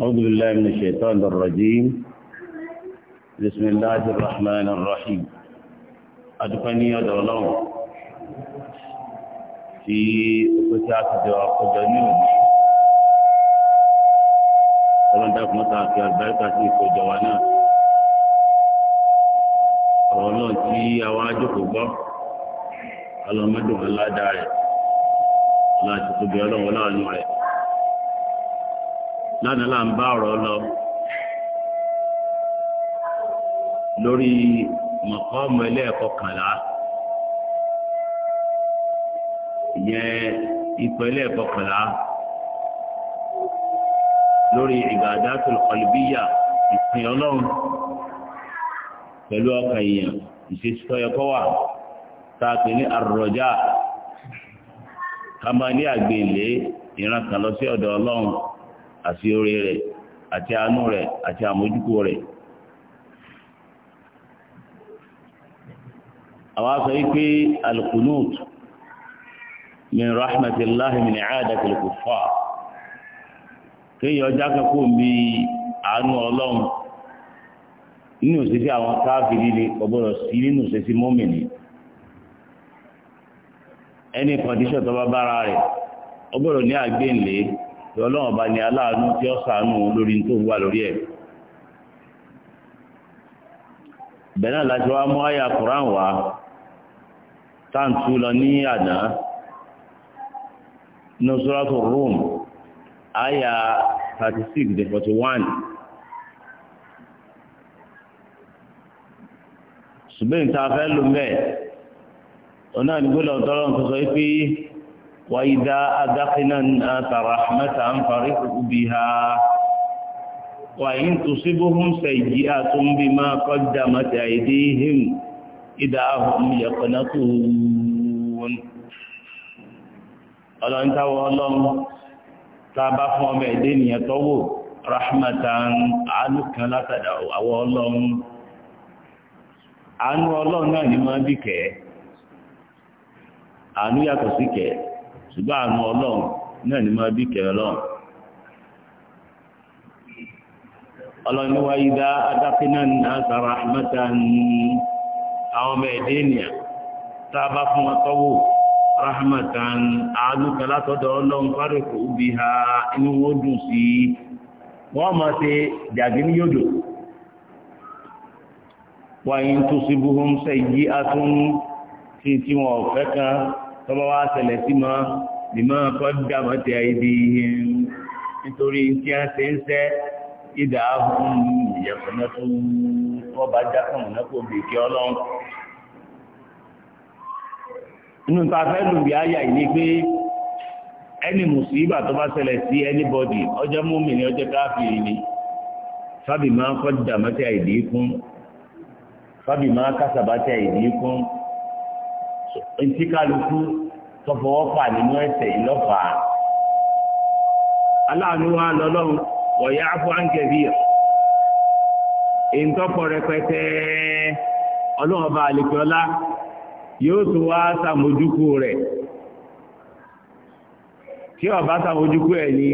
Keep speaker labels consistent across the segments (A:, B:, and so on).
A: أعوذ بالله من الشيطان الرجيم بسم الله الرحمن الرحيم
B: أدفني أدولو
A: في أكتاك جواب جميل ọlọ́run dákú mọ́ta àti àlùbáríkà sí ìkọjọ wa náà ọ̀rọ̀ náà tí àwọn ajókòó gbọ́ alọ́mọdún aládàá rẹ̀ láti tóbi ọlọ́run láàánú rẹ̀.
B: lánàá là ń bá ọ̀rọ̀ lọ
A: lórí mọ̀kọ́mọ ẹlẹ́ẹ̀kọ́ kànlá ìyẹn ipò ẹlẹ́ẹ̀kọ́ kànlá lórí ìbàdàtul qalbiyya ìsìn ọlọ́run pẹ̀lú ọkàn èèyàn ìṣesíkọ́yọkọ́ wà tá a pè ní àròjà ká máa ní àgbèlé ìran lọ sí ọ̀dọ̀ ọlọ́run. àti oore rẹ̀ àti àánú rẹ̀ àti àmójúkò rẹ̀. àwọn sọ wípé alkunut min rahmatillahi min aadati al-kuffar kéèyàn ọjà kankan bí àánú ọlọ́run nínú òṣèṣì àwọn káàfìrí ni ọgbọ́dọ̀ sí nínú òṣèṣì mọ́mìnì ẹni kọ̀díṣọ̀ tó bára rẹ̀ ní àgbéǹlé ọlọ́run ọba ni aláàánú tí ó sàánú lórí tó ń wà lórí ẹ̀ bẹ̀rẹ̀ láti wá mú àyà Qur'an wá táǹtù lọ ní àná ní Suratul Rum àyà 36 dé 41 ṣùgbọ́n ìta fẹ́ lò ọ̀nà ìgbélọ̀ tọ́lọ́ ń sọ pé وإذا أذقنا الناس رحمة فرحوا بها وإن تصبهم سيئة بما قدمت أيديهم إذا هم يقنطون ọlọ́run táwọn ọlọ́run tàbá fún ọmọ ẹ̀dẹ́ ènìyàn tọ́wò rahmatan àánú kan látàdà àwọ ọlọ́run àánú ọlọ́run náà ni máa bí kẹ́ àánú yàtọ̀ sí kẹ́ ṣùgbọ́n àánú ọlọ́run náà ni máa bí kẹrẹ lọ́run ọlọ́run wá ìdá adákínà àṣàrà mẹ́ta ní àwọn ọmọ ẹ̀dẹ́ ènìyàn tá a bá fún wọn tọ́wọ́ rahmatan àánú kan látọ̀dọ̀ ọlọ́run fárẹ̀kọ̀ ubi ha inú wọn dùn sí wọ́n máa ṣe jàgé ní yòdò wáyé tó síbú hó ń sẹ́yí tí tí wọn ọ̀fẹ́ kan tọ́ba wá ṣẹlẹ̀ sí mọ́ bímọ kọ́ dàmọ́ ti àìdí ihun nítorí tí a ṣe ń ṣẹ́ ìdá fún ìyẹ̀fọ́ náà tó wọ́n bá já fún ọ̀nà kò bèkí ọlọ́run. inú ta fẹ́ lùbí àyà yìí ni pé ẹni mùsùlùmí tó bá ṣẹlẹ̀ sí anybody ọjọ́ múmi ni ọjọ́ fún. ẹ̀ntí kálukú tọ́fọwọ́ fà nínú ẹ̀ṣẹ̀ ìlọ́fà aláàánú lọ́lọ́run wọ̀yá afọ áńgẹ̀bí ẹ̀ rẹpẹtẹ ọlọ́run bá yóò tún wá sàmójúkú rẹ̀ tí ọba sàmójúkú ẹ̀ ní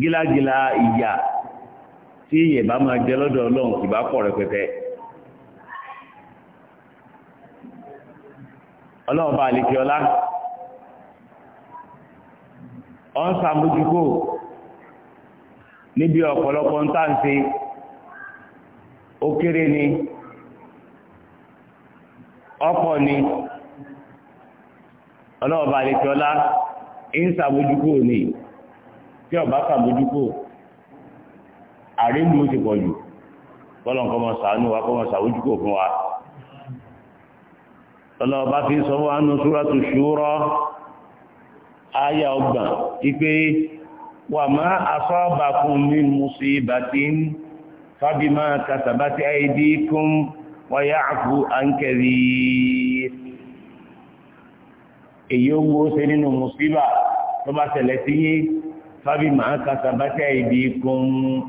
A: gílágílá ìyà tí ìyẹ̀bá máa lọ́dọ̀ ọlọ́run ọlọ́ọ̀bá àlèkè ọlá ọ ń sàmójúkò níbi ọ̀pọ̀lọpọ̀ ń tàǹsí ó kéré ni ọ̀pọ̀ ni ọlọ́ọ̀bá àlèkè ọlá ń sàmójúkò ni tí ọba sàmójúkò àrílù ti pọ̀ jù bọ́lọ̀ nǹkan mọ̀ sàánú wa kọ́ mọ̀ sàmójúkò fún wa ọlọ́ọ̀bá fi sọ wá nù súrátù ṣúrọ́ ayà ọgbà ipé wà máa asọ́ọ̀bà fún mi musibatin fábímá kàtàbátì aydikum wáyá àfú àǹkẹ̀rí èyí ó mú ó ṣe nínú musíbà tó bá tẹ̀lẹ̀ sí yí fábímá kàtàbátì aydikum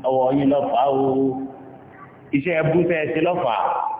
A: ọwọ́ yín lọ́fàá o iṣẹ́ lọ́fàá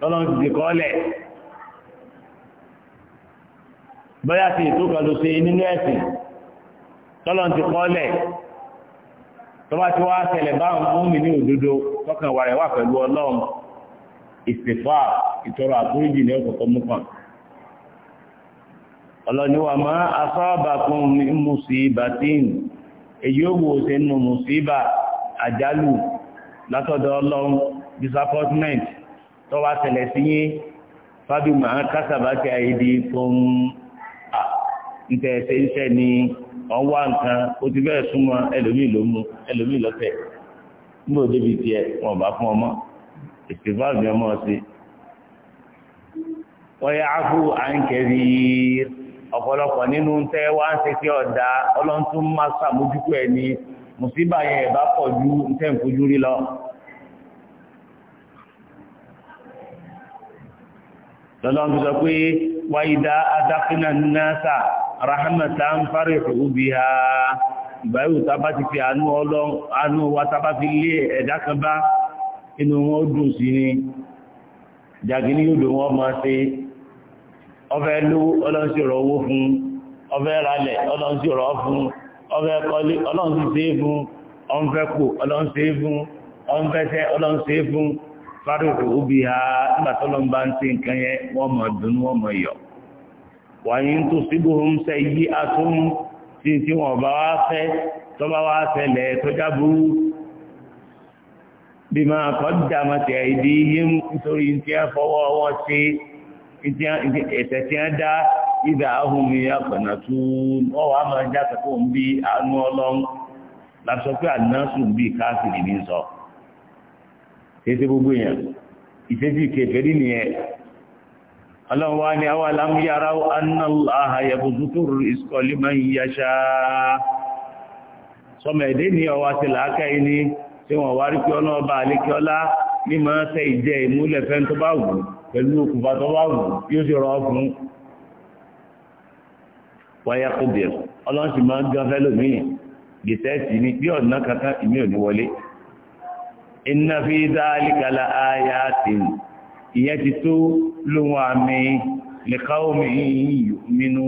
A: tọ́lọ́run ti kọ́ lẹ̀ ti ètò nínú ẹ̀sìn tọ́lọ́run ti kọ́ lẹ̀ tọ́ba mi ní òdodo wà rẹ̀ wà pẹ̀lú ọlọ́run ìsìfà ìtọrọ àforíjì ní ọ̀kọ̀ọ̀kan mú kàn ọlọ́niwà máa asọ́ọ̀bà mùsíbà tí èyí ó wò tó wá ṣẹlẹ̀ sí yín fábí màá kásábà ti àyèdè fún à ntẹ̀ ṣe ń ṣẹ́ ni ọ̀ ń wá nǹkan o ti bẹ́ẹ̀ súnmọ́ ẹlòmíì ló mú ẹlòmíì lọ́tẹ̀ níbo débi tiẹ̀ wọn bá fún ọmọ ìṣèlú àmì ọmọ sí wọ́n yá áfù à ń kẹ́rì ọ̀pọ̀lọpọ̀ nínú tẹ́ wá ń ṣe sí ọ̀dà ọlọ́ntún máa ṣàmójúkú ẹ̀ ní mùsíbà yẹn ẹ̀ bá pọ̀ ju tẹ́ ń fojú rí lọ lọ́lọ́run ti sọ pé wáyídá adákínà náà rahmata ń fárẹ̀ òbí ha anụ tábá ti fi àánú ọlọ́run àánú wa tábá fi lé ẹ̀dá kan bá inú wọn dùn sí ni jàgínní yóò dùn wọn máa ṣe ọfẹ́ lówó ọlọ́run fárúkú ubi ha nígbà tọ́lọ́ ń bá ń ṣe nǹkan yẹn wọ́n mọ̀ dùn wọ́n mọ̀ yọ̀ wàyí ń tó síbò ń sẹ́ yí atún tí tí wọ́n bá wá fẹ́ tó bá wá tó bí máa kọ́ dàmà tẹ̀ ìdí yí ń tí a fọwọ́ ọwọ́ sí ẹ̀tẹ̀ tí a dá ìdá ahùn mi máa kéde gbogbo èèyàn ìṣesí kèfèrí nìyẹn ọlọ́run wá ní àwọn alámúyára annáláha yẹbùsùtù ìsọ̀lì máa ń yáṣá sọmọ ẹ̀dẹ́ ní ọwá ti làákà yìí ní tí wọ́n wá rí pé ọlọ́run ọba àlékiọlá ní máa tẹ ìjẹ ìmúlẹ̀ fẹ́ tó bá ní bí ọ̀nà kankan ìmí ò ní wọlé iná fi dáálìkàlà ayá ti ìyẹ́ ti tó lóhun àmì lẹ́káómi nínú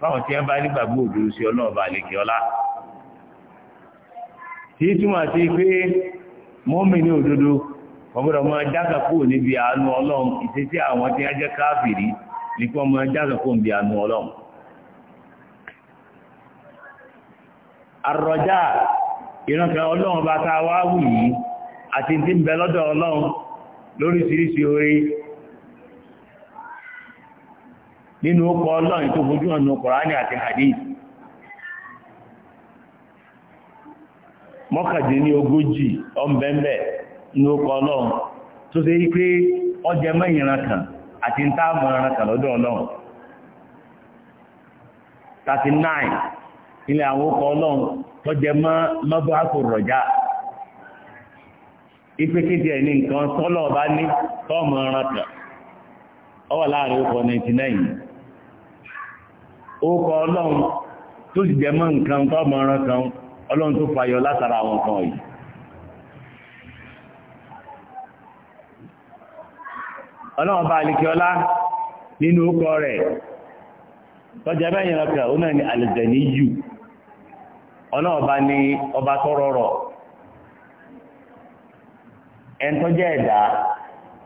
A: fáwọn tí ẹ bá nígbàgbọ́ òdòdó sí ọlọ́ọ̀bà lèkè ọlá tí túmọ̀ sí pé mọ́mí ní òdòdó ọgbọ́dọ̀ mọ́ jágà kúrò níbi àánú ọlọ́run ìṣesí àwọn tí wọ́n jẹ́ káfìrí nípa ọmọ jágà níbi àánú ọlọ́run ìrànkẹ́ ọlọ́run bá ta wá wù yìí àti tí ń bẹ lọ́dọ̀ ọlọ́run lóríṣiríṣi orí nínú ọkọ̀ ọlọ́run tó fojú ọ̀nà àti hadith ogójì ọmọbẹ̀mẹ̀ ọkọ̀ ọlọ́run tó ṣe ọjẹ́ ilẹ̀ àwọn ọkọ̀ ọlọ́run tó jẹ mọ́ mọ́bọ́ àpò rọ̀já ipe kéde ẹ̀ ní nǹkan tọ́lọ̀ bá ní tọ́ọ̀mù ọ̀ràn kan láàrin ọkọ̀ 99 ọkọ̀ ọlọ́run tó sì jẹ mọ́ nǹkan tọ́ọ̀mù ọlọ́run tó fayọ látara àwọn kan ọlọ́ọ̀bá ni ọba tó rọrọ̀ ẹn tó jẹ́ ẹ̀dá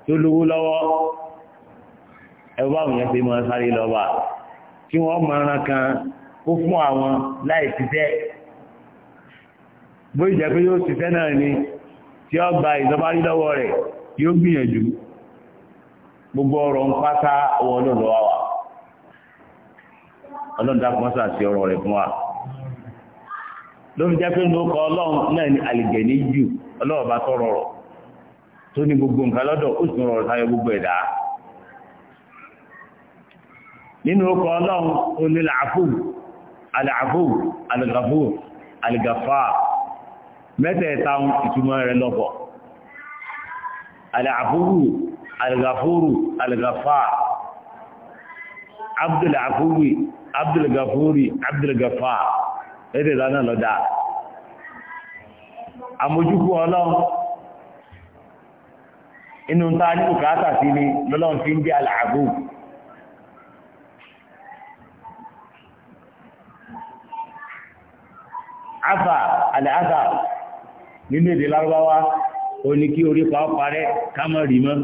A: tó lówó lọ́wọ́ ẹwọ́ àwọn yẹn fi sáré lọ́wọ́ tí wọ́n kan kó fún àwọn láì ṣiṣẹ́ bó ìjẹ́ pé yóò ṣiṣẹ́ náà ni tí ó gba ìjọba rí lọ́wọ́ rẹ̀ gbogbo ọ̀rọ̀ ń pátá ọwọ́ ọlọ́dọ̀ wa wà ọlọ́dọ̀ akọ́sà sí ọ̀rọ̀ rẹ̀ fún wa. lórí jẹ́ pé ló kọ ọlọ́run náà ni àlìgẹ̀ ní jù ọlọ́run bá tọ́ rọrọ̀ tó ní gbogbo nǹkan lọ́dọ̀ ó sì rọrọ̀ sáyọ gbogbo ẹ̀dá nínú ọkọ̀ ọlọ́run ó ní làáfù àlàáfù àlùgàfù àlùgàfà mẹ́tẹ̀ẹ̀ta ìtumọ̀ rẹ̀ lọ́pọ̀ àlàáfù àlùgàfùrù àlùgàfà abdulgafuri abdulgafuri abdulgafà èdè lọ lọ́dà àmójúkú ọlọ́run inú ta ní bùkátà sí ni lọ́lọ́run fi ń jẹ́ àlàágùn. afa alẹ́ nínú èdè lárúbáwá ó ní kí orí pa parẹ́ ká mọ̀ mọ́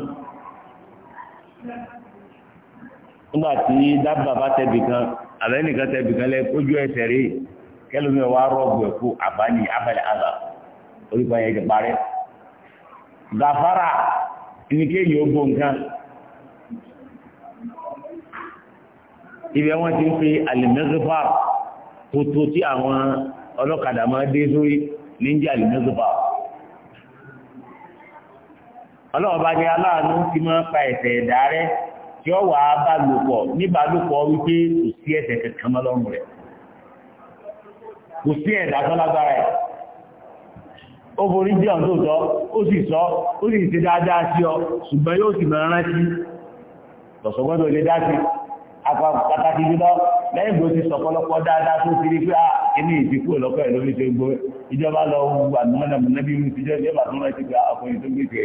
A: nígbà tí dábàá tẹ̀bì kan àbẹ́nìkan tẹ̀bì kan kẹlòmí ọwọ́ arọ́gbù ẹ̀kú àbáni abẹ́lẹ̀ àgbà orúkọ yẹn ti parẹ́ gàfárà ní kéèyàn ó gbó nǹkan ibi wọn ti ń pe alimẹ́sífà tuntun tí àwọn ọlọ́kadà máa dé sórí ní jẹ́ alimẹ́sífà ọlọ́wọ́ bá ní aláàánú ti máa pa ẹ̀ṣẹ̀ ẹ̀dá rẹ̀ tí ó wàá bá lòpọ̀ níbàálòpọ̀ wípé kò sí ẹ̀ṣẹ̀ kankan mọ́ lọ́rùn rẹ̀
B: kò sí ẹ̀dá tọ́lágbára ẹ̀
A: ó borí jẹ́ ọ̀n sọ, ó sì sọ ó sì ṣe dáadáa sí ọ ṣùgbọ́n yóò sì mẹ́rin rántí tọ̀sọ̀gbọ́dọ̀ lè dáadáa sí apá pàtàkì jùlọ lẹ́yìn bó ti sọ̀pọ̀lọpọ̀ dáadáa tó ti rí pé inú ìdíkù ọlọ́pọ̀ ẹ̀ lórí ṣe gbọ́ ìjọba lọ wu àdúmọ́nà ti jẹ́ tó rántí pé ọkùnrin tó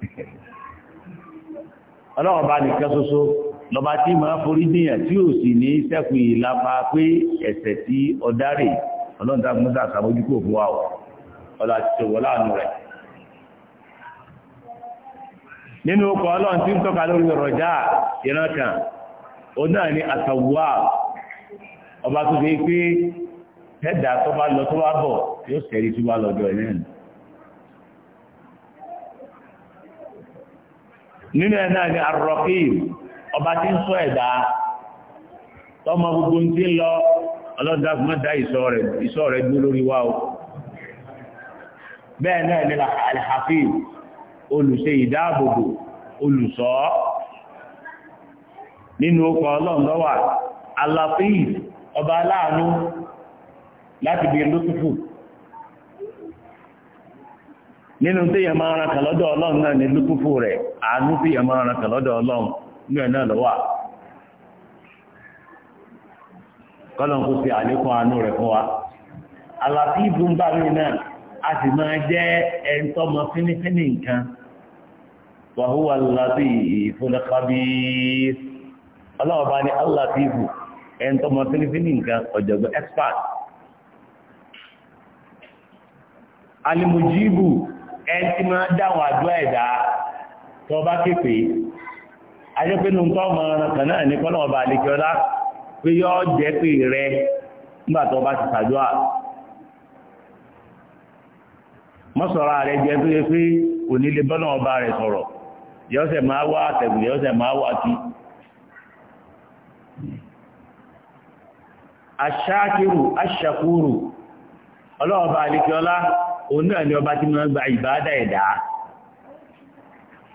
A: ọlọ́run bá nìkan ṣoṣo lọba tí máa forí dìyàn tí ò sì ní sẹ́kù ìlàpá pé ẹ̀ṣẹ̀ tí ọ̀dárè ọlọ́dà mọ́sà sàmójúkò fún wa ọ̀la ti wọ́n láàánú rẹ̀ nínú ọkọ̀ ọlọ́run tí ń tọ́ka lórí rọ̀já ìran kan ó náà ní àtàwùwà ọba tó fi pé tẹ́dà tó bá lọ tó bá bọ̀ yóò sẹ́rí tó bá lọ́dọ̀ ẹ̀ lẹ́nu nínú ẹ̀ náà ní arọ́kìí ọba tí ń sọ ẹ̀dá tọmọ gbogbo ń tí lọ lọ ọlọ́dàgbọ́dá ìṣọ́ rẹ̀ gbó lórí wa o bẹ́ẹ̀ náà ni alhafi olùṣe ìdáàbòbò nínú ọkọ̀ ọlọ́ndọ́wà alafi ọba aláàánú láti bí nínú tí yẹ máa kàlọ́dọ̀ ọlọ́run náà rẹ̀ àánú tí yẹ máa kàlọ́dọ̀ ọlọ́run ní ẹ̀ náà lọ́wọ́ kọ́lọ̀n kó fi àlékún àánú rẹ̀ fún wa àlàfí ìbúmbà mi náà a sì máa jẹ́ ẹni tó mọ fínífíní nǹkan wàhúwà láti ìfúnlẹ́kábí ọlọ́ọ̀bá ní àlàfí ìbù ẹni fínífíní nǹkan ọ̀jọ̀gbọ́n expert alimujibu ẹni tí máa dáhùn àdúrà ẹ̀dá tó bá képe ajẹ́pẹ́nu tó ọmọ kan náà ní kọ́nà ọba àlekíọ́lá pé yọ́ jẹ́ pé rẹ nígbà bá ti ṣàdúrà mọ́sọ̀rọ̀ rẹ jẹ́ pé pé onílé bọ́nà ọba rẹ sọ̀rọ̀ yọ́sẹ̀ máa wá àtẹ̀gùn yọ́sẹ̀ máa wá kí aṣàkúrù òun náà ni ọba ẹ̀dá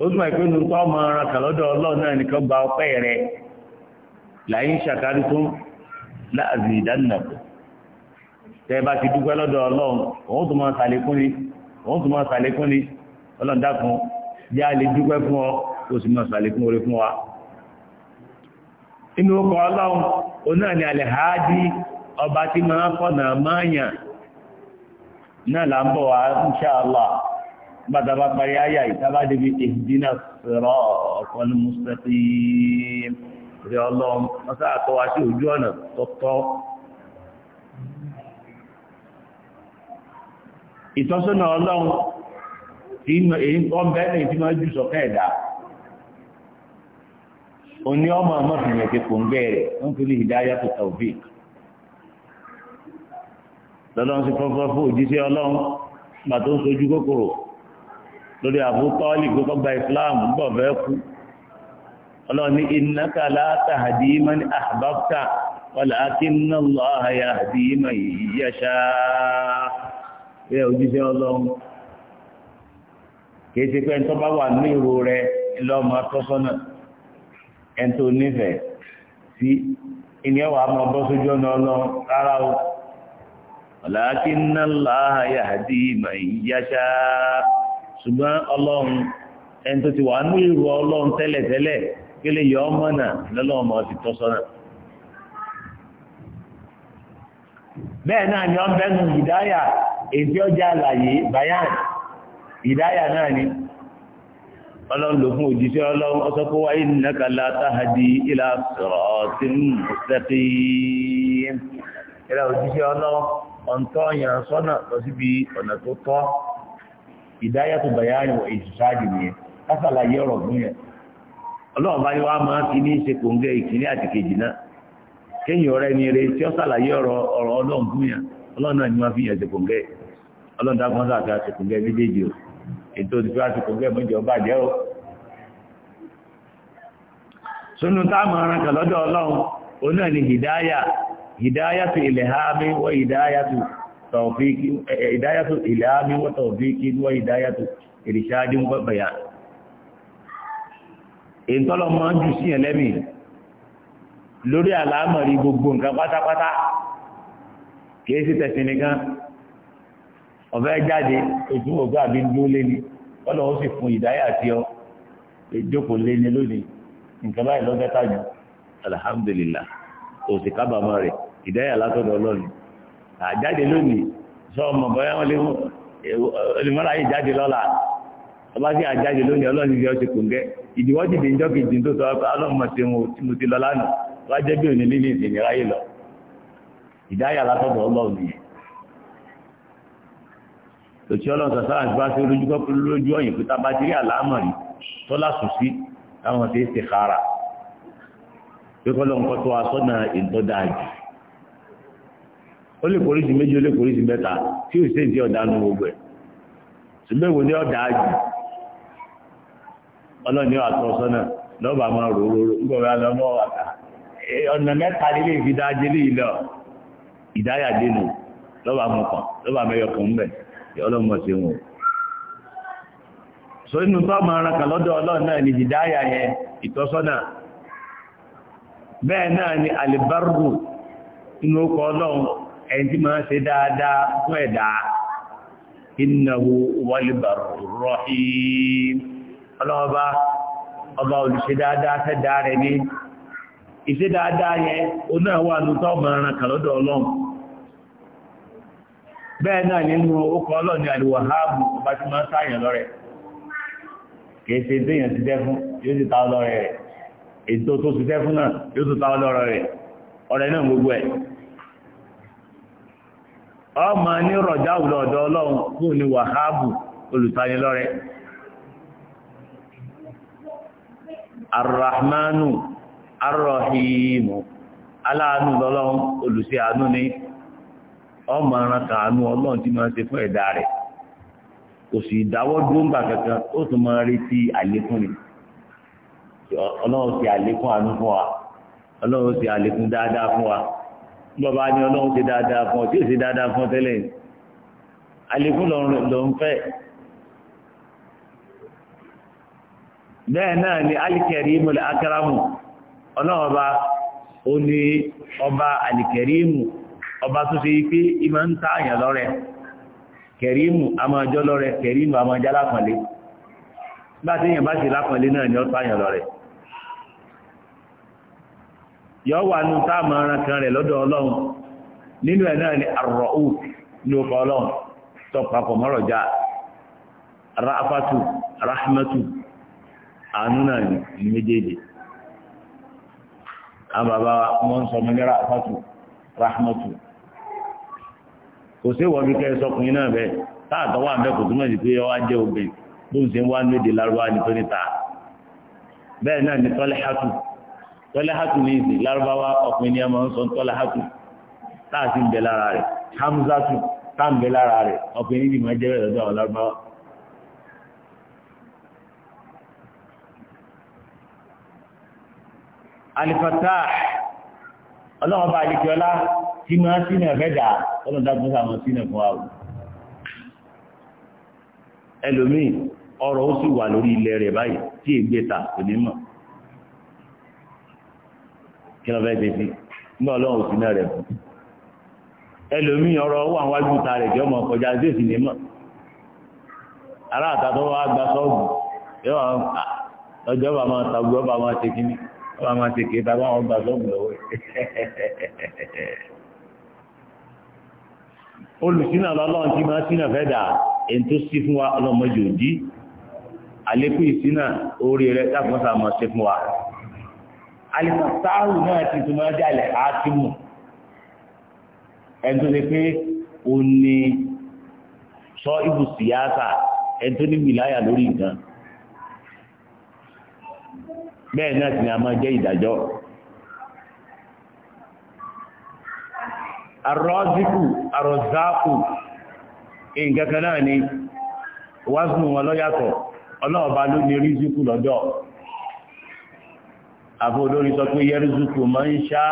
A: ó túnmọ̀ pé nu tọ́ ọmọ ọ̀ràn kan ọlọ́run náà nìkan gba ọpẹ́ rẹ làyín ṣàkárí tó láàbì ìdánilàpọ̀ tẹ́ bá ti dúpẹ́ lọ́dọ̀ ọlọ́run òun tó máa ọlọ́run fún ọ o si wa. inú ọkọ̀ ọlọ́run ni ọba tí ń náà là ń bàtàbà parí ayà ìtàbà débi ìdínà sọ̀rọ̀ ọ̀kan ní mùsùlùmí rẹ̀ ọlọ́run mọ́sá àtọwà sí ojú ọ̀nà tọ́tọ́ ìtọ́sọ́nà ọlọ́run tí èyí kọ́ bẹ́ẹ̀ tí máa jù sọ́kẹ́ ẹ̀dá oní ọmọ ọmọ fìyàn ti kò ń bẹ̀rẹ̀ ń fi ní ìdáyà tó tàbí lọ́lọ́run sí fọ́fọ́ fún òjíṣẹ́ ọlọ́run bàtó ń sojú kòkòrò lórí Abu Talib gbogbo gba Islam gbọ́ fẹ́ kú ọlọ́run ní innaka la tahdi man ahbabta walakinna Allaha yahdi man yasha bẹ́ẹ̀ ojúṣe ọlọ́run kìí ṣe pé ẹni tó bá wà ní ìrò rẹ lọ́mọ tọ́sọ́nà ẹni nífẹ̀ẹ́ sí ìní ẹwà máa bọ́ sójú ọ̀nà ọlọ́run rárá o walakinna Allaha yahdi man yasha ṣùgbọ́n ọlọ́run ẹni tó ti wà ní ìrù ọlọ́run tẹ́lẹ̀tẹ́lẹ̀ kí lè yọ ọmọ náà lọ́lọ́run ọmọ ti tọ́ sọ́nà. bẹ́ẹ̀ náà ni wọ́n bẹ́nu ìdáyà èdè ọjà àlàyé bayan ìdáyà náà ni ọlọ́run ló fún òjíṣẹ́ ọlọ́run ọsọ kó wáyé innaka la ìlà òjíṣẹ́ ọlọ́run ọ̀ntọ́ yàn sọ́nà ìdáyàtò bayani wọ ìṣáàjì nìyẹn kásàlàyé ọ̀rọ̀ fún yẹn ọlọ́run bá ní wàá máa kí ní ṣe kòǹgẹ́ ìkíní àti kejì náà kéèyàn ọ̀rẹ́ ni eré tí ó sàlàyé ọ̀rọ̀ ọ̀rọ̀ ọlọ́run fún náà wọ́n fi ṣe kòǹgẹ́ kòǹgẹ́ méjèèjì o ètò àti kòǹgẹ́ méjì ọba jẹ́ o. sunu táàmù kan lọ́dọ̀ tawfiki hidayatu ilami wa tawfiki wa hidayatu irshadin wa bayan en tolo mo ju si en lemi lórí àlámọ̀rí gbogbo nǹkan pátápátá kìí sí tẹ̀sìn nìkan ọ̀fẹ́ jáde ojú ògbó àbí dúró lé ní ọlọ́run sì ni ìdáyà tí ọ ìjókòó lé ní lónìí àjáde lónìí sọ ọmọ bọ́yá wọn olùmọ́ra yìí jáde lọ́la ọba sí àjáde lónìí ọlọ́run ìjọ ti kò ń gẹ́ ìdíwọ́ dìde ìjọ kejì tó sọ ọlọ́mọ tí mo tí mo ti lọ lánàá wá jẹ́ bí òní lílì ìsìnkú ráyè lọ ìdáyà látọ̀dọ̀ ọlọ́run nìyẹn tòtí ọlọ́run sọ sáà bá sí olójú lójú ọ̀yìn pé tábà tí rí àlámọ̀ rí tọ́lá sí táwọn ti ṣe kára pé kọ́lọ́ nǹkan tó aṣọ́nà ìtọ́dáàjù ó lè polisi méjì ó mẹ́ta tí ò sí ìdí ọ̀dà nu gbogbo ẹ̀ ṣùgbọ́n ní ọ̀dà àjù ọlọ́ni àtọ́sọ́nà lọ́ba máa rò rò gbọ́ra lọ́mọ àtà ọ̀nà mẹ́ta nílé ìfidájé lè lọ ìdáyà lọ́ba kan lọ́ba mẹ́yọ kan ń bẹ̀ ọlọ́mọ sí wọn. sọ inú tó máa lọ́dọ̀ ọlọ́run náà ìdáyà yẹn ìtọ́sọ́nà bẹ́ẹ̀ náà inú ọkọ̀ ọlọ́run ẹni tí ma ṣe dáadáa fún ẹ̀dá innahu walibar ọlọ́ọba ọba olùṣe dáadáa tẹ́dá rẹ̀ ní ìṣe dáadáa yẹn ó náà wà ní tọ́ mọ̀ràn kàlọ́dọ̀ ọlọ́run bẹ́ẹ̀ náà nínú ọ̀rẹ́ náà gbogbo ẹ̀ ọmọ ní rọ̀já ọ̀dọ̀ ọlọ́run kú ní wàhábù olùtanilọ́rẹ
B: arrahmanu
A: arrahimu aláàánú lọ́lọ́run àánú ọmọ ọ̀ràn kàánú ọlọ́run tí máa ń ṣe fún ẹ̀dá rẹ̀ kò sì dáwọ́ dóńgbà kankan ó tún máa retí àlékún ni ọlọ́run ti àlékún àánú fún wa ọlọ́run ti àlékún lọ́ba ni ọlọ́run ti dáadáa fún ọ tí ò sí dáadáa fún ọ tẹ́lẹ̀ àlékún ló ń fẹ́. bẹ́ẹ̀ náà ni alikẹ́rìmù akẹ́ràmù ọlọ́ọ̀ba ó ní ọba alikẹ́rìmù ọba tó ṣe pé ìmọ̀ ń ta àyàn lọ́rẹ kẹ̀rìmù amọ̀jọ́ lọ́rẹ kẹ̀rìmù amọ̀já lápọ̀lé bá ti yàn bá ti lápọ̀lé náà ni ó àyàn lọ́rẹ yọ wà nù tá a máa ran kan rẹ̀ lọ́dọ̀ ọlọ́run nínú ẹ̀ náà ni àrọ̀ù ní ọkọ̀ ọlọ́run tọpapọ̀ mọ́rọ̀já ráfàtù ráhmẹ́tù àánú náà ní méjèèjì àbàbà wọn sọ mọ́ ní ráfàtù ráhmẹ́tù kò sí wọ́n fi kẹ́ sọkùnrin náà bẹ́ẹ̀ táàtọ̀ wà bẹ́ẹ̀ kò túmọ̀ sí pé ọwá jẹ́ obìnrin bó ń wá ní èdè lárúbá nítorí ta bẹ́ẹ̀ náà ni tọ́lẹ́hàtù tọ́lá ní ìsìn lárúbáwá ọ̀pìn a ọmọ ń sọ tọ́lá ń bẹ lára rẹ̀ hamzatu táà ń bẹ lára rẹ̀ ọ̀pìn níbi máa jẹ́ lọ́dọ̀ àwọn lárúbáwá. alifata ọlọ́run bá alikẹ́ ọlá tí máa ń sínú ẹ̀fẹ́ dà sáà máa sínú àwọn. ẹlòmíì ó sì wà lórí ilẹ̀ rẹ̀ báyìí tí kí lọ fẹ́ ṣe sí nígbà ọlọ́run òsì náà rẹ̀ fún ẹlòmíì ọ̀rọ̀ wà wájú ta rẹ̀ jẹ́ ọmọ kọjá sí òsì nímọ̀ ará àtàtọ́ wa gba sọ́ọ̀bù yóò wá ọjọ́ bá máa tàbí ọba máa ṣe kíní ọba máa ṣe kéta bá wọn gba sọ́ọ̀bù lọ́wọ́ olùsínà lọ́lọ́run tí máa sínà fẹ́ dà èyí tó sí fún wa ọlọ́mọdé òdí àlékún ìsínà orí rẹ̀ tákùnsà máa ṣe fún wa alifasaahu náà ti tó máa jẹ́ alihakimu ẹni tó ṣe pé ó ní sọ ibù síyáàsà ẹni tó ní wìláyà lórí nǹkan bẹ́ẹ̀ náà sì ni a máa jẹ́ ìdájọ́ arọ́zíkù arọ́zákù nǹkan kan náà ni wàásù wọn lọ́yàtọ̀ ọlọ́ọ̀ba ló ní rízíkù lọ́dọ̀ àfọ olórin sọ pé yẹrìsùkù máa ń ṣá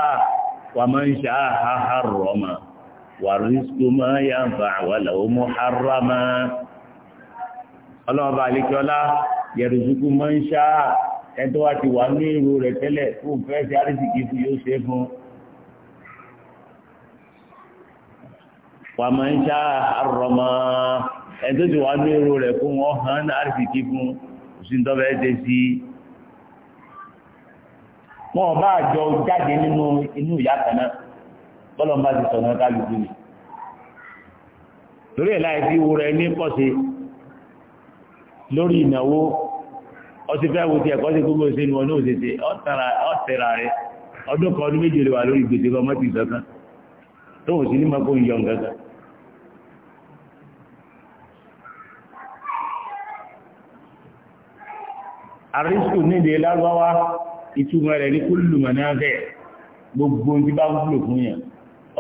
A: wà máa ń ṣá àhárọ̀mà wà rìsùkù máa yà ń fa àwàlà ọmọ àrọ̀mà ọlọ́ọ̀bà àlekíọ́lá yẹrìsùkù máa ń ṣá ẹ̀tọ́ wa ti wà ní èrò rẹ̀ tẹ́lẹ̀ fún fẹ́ sí àrísìkí fún yóò ṣe fún wà máa ń ṣá àrọ̀mà ẹ̀tọ́ ti wà ní èrò rẹ̀ fún wọn hàn àrísìkí fún òsìntọ́fẹ́ wọn ọba àjọ jáde nínú inú ìyá kan ti sọ̀nà kálukú ni torí ẹ̀ láì fi wúrẹ́ ní pọ̀sẹ̀ lórí ìnáwó ọtí fẹ́ wo ti ẹ̀kọ́ sí gbogbo ìṣẹ́ni wọn náà ṣèṣe rẹ ọdún kan ọdún méjì lè lórí ìgbèsè lọ́mọ ti kankan tó wò sí ní mako ń nǹkan ìtumọ̀ rẹ̀ ní kúlù náà fẹ́ gbogbo tí bá wúlò fún yàn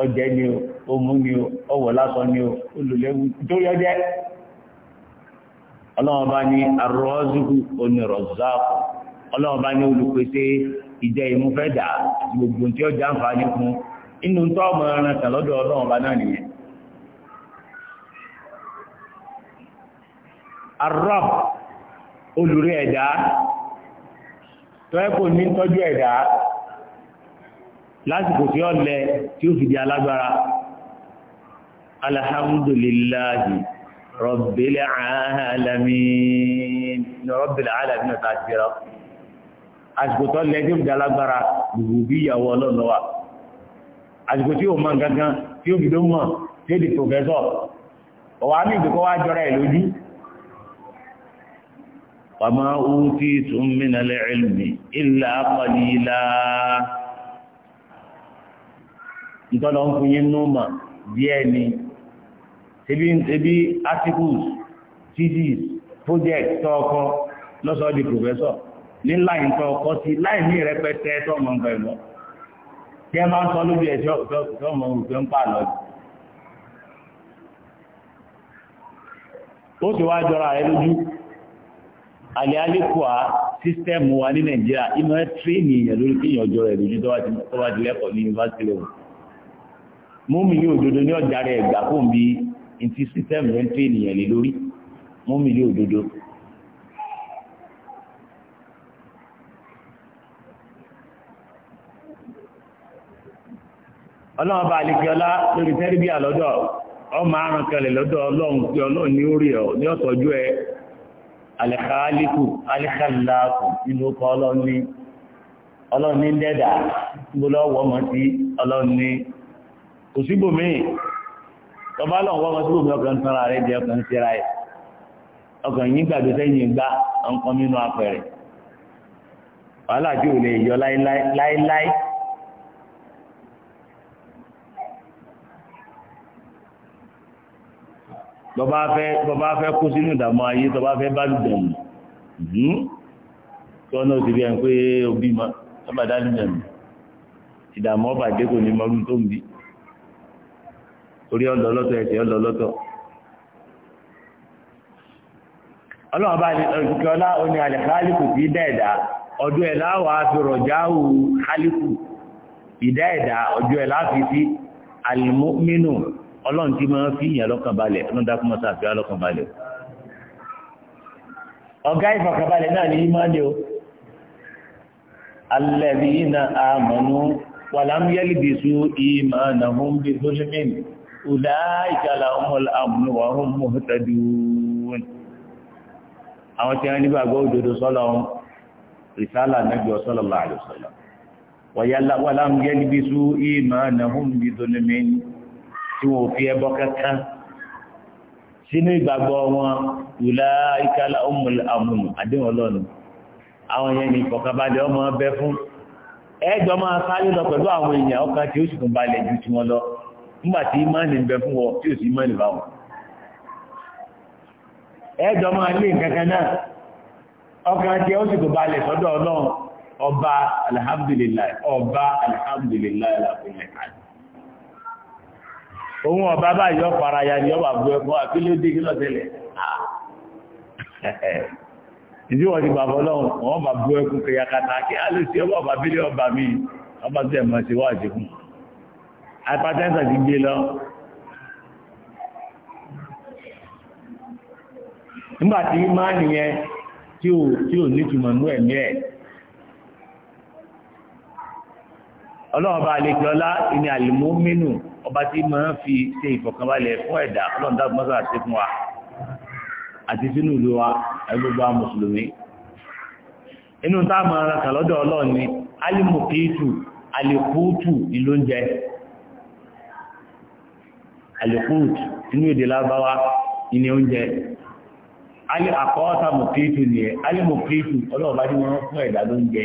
A: ọjẹ ni o ọmú ni o ọwọ̀ lásọ ni o olùlẹ́wù tó yọjẹ́ bá ní onírọ̀záàkù ọlọ́wọ́n bá ní olùpèsè ìjẹ́ gbogbo tí ó já tọ́ẹ́kò ní tọ́jú ẹ̀dá lásìkò tí ó lẹ tí ó fi di alágbára alhamdulillahi rabbil alamin rabbil alamin ọ̀tà àṣírọ́ àsìkò tó lẹ tí ó fi di alágbára gbogbo bí ìyàwó ọlọ́nà wa àsìkò tí ó mọ gangan tí ó fi dó mọ̀ tí ó di pòfẹ́sọ̀ ọ̀wá ní ìgbẹ́kọ́ wá jọra ẹ̀ lójú wàmá òwútí tún mìnàlẹ̀ ẹ̀lùmí ilẹ̀ àpàdé ilá ìtọ́lọ̀ ń fún yín númà díẹ̀ ni ebi articles thesis project tọ́ọ̀kọ́ lọ́sọ̀ọ́ di professor ní láì tọ́ọ̀kọ́ sí láì ní rẹpẹtẹ tọ́ọ̀mọ̀ ń bẹ̀rẹ̀ lọ tí ẹ máa ń sọ lóbi ẹ̀ tọ́ọ̀mọ̀ òfin ń pààlọ́ ó sì wá jọra ẹ lójú alẹ́ alẹ́kọ̀ọ́ sísítẹ́ẹ̀mù wa ní nàìjíríà ìmọ̀ ẹ́ tírénì èèyàn lórí kí èèyàn jọ rẹ̀ lójú tó bá ti ní yunifásitì level múmi ní òdodo ní ọjà rẹ̀ gbà fún bí n ti sísítẹ́ẹ̀mù rẹ̀ ń tírénì èèyàn lé lórí múmi ní òdodo. ọlọ́run bá àlejò ọlá lórí tẹ́rìbíà lọ́dọ̀ ọ máa ràn kalẹ̀ lọ́dọ̀ ọlọ́run pé ọlọ́run ní ó rí ọ ní ọ̀tọ́jú ẹ alìkàálìkù alìkàláàkù nínú ọkọ̀ ọlọ́ni ọlọ́ni dẹ́dà gbọ́lọ́wọ́ sí ọlọ́ni kò síbòmí tọba síbòmí ọkùnrin tọ́ra rẹ̀ jẹ́ ọkùnrin síra ẹ̀ ọkùnrin yìí gbàgbé sẹ́yìn gbá nínú apẹ̀rẹ̀ wàhálà tí ò lè yọ láíláí tọba fẹ́ tọba fẹ́ kó sínú ìdààmú ayé tọba fẹ́ bá lù dẹ̀mù hmm? tí wọn náà ti rí ẹ pé òbí ma ọba dá lù dẹ̀mù ìdààmú ọba àdékò ní mọ́rún tó ń bí orí ọ̀dọ́ lọ́tọ̀ ẹ̀sẹ̀ ọ̀dọ́ lọ́tọ̀ ọlọ́run bá ìdíkẹ́ ọlá oní alẹ́ kálíkù sí ìdá ẹ̀dá ọdún ẹ̀ láwà fi rọ̀já kálíkù ìdá ẹ̀dá ọdún ẹ̀ láfi sí alìmọ́mínú ọlọ́run ti máa fi ìyàn lọ́kàn balẹ̀ ọlọ́run dákú mọ́ta àfihàn lọ́kàn balẹ̀ ọ̀gá ìfọ̀kànbalẹ̀ náà ní ìmọ̀lẹ́ o alladhina amanu walam yalbisu imanahum bi àwọn tí wọ́n ní gbàgbọ́ òdodo sọ́lọ́run rìsálà Nabi sallallahu alaihi wasallam tí wọ́n fi ẹbọ kankan sínú ìgbàgbọ́ wọn ìlà ìkàlà ọmọlẹ àmúnù àdéhùn ọlọ́nu àwọn yẹn ní ìfọ̀kànbalẹ̀ ọmọ ọbẹ̀ fún ẹjọ́ máa sáré lọ pẹ̀lú àwọn èèyàn ọkàn tí ó sì tún balẹ̀ ju tiwọn lọ nígbà tí ìmánì ń bẹ fún wọn tí ò sí ìmánì bá wọn ẹjọ́ máa lé kankan náà ọkàn tí ó sì tún balẹ̀ sọ́dọ̀ ọlọ́run ọba alhamdulilayi ọba alhamdulilayi òun ọba báyìí ọ̀pára ya ni ọba bu ẹ̀kọ́ àti ló dé kí lọ tẹ́lẹ̀ ah. ìdí wọ́n ti bàbá ọlọ́run wọ́n bá bu ẹkún kẹyà kata kí á lè ṣe ọba bílẹ̀ ọba mi ọba tẹ̀ mọ̀ sí wá àjẹkùn hypertension ti gbé lọ
B: nígbà tí máa nìyẹn
A: tí ò tí ò nítumọ̀ nú ẹ̀mí ẹ̀ ọlọ́run bá lè kí ìní àlìmọ́ mínú ọba tí máa fi ṣe ìfọ̀kànbalẹ̀ fún ẹ̀dá ọlọ́run dábò mọ́sá ṣe fún wa àti sínú ìlú wa gbogbo àwọn mùsùlùmí inú tá a máa ra kà lọ́dọ̀ ọlọ́run ni alimokitu alikutu ìlóúnjẹ alikutu inú èdè lábáwá ìní oúnjẹ alì àkọ́ọ́ta mokitu nìyẹn alimokitu ọlọ́ọ̀bá tí wọ́n fún ẹ̀dá lóúnjẹ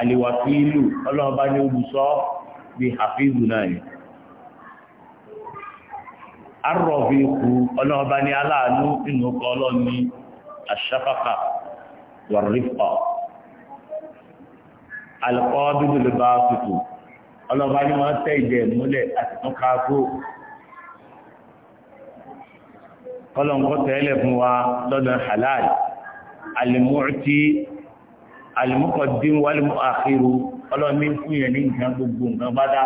A: àlewàfíìlù ọlọ́run bá ní olùsọ bí hafizu náà ni arọ̀fíìkù ọlọ́run bá ní aláàánú nínú ọkọ̀ ọlọ́run ní aṣáfàkà wàrífà alùpọ̀ dúdú lè bá tutù ọlọ́run bá ní wọ́n tẹ́ ìdẹ̀ múlẹ̀ àti tún alimọ́kọ̀dín wálìmọ́ àkírù ọlọ́mí fún yẹn ní nǹkan gbogbo nǹkan bá dá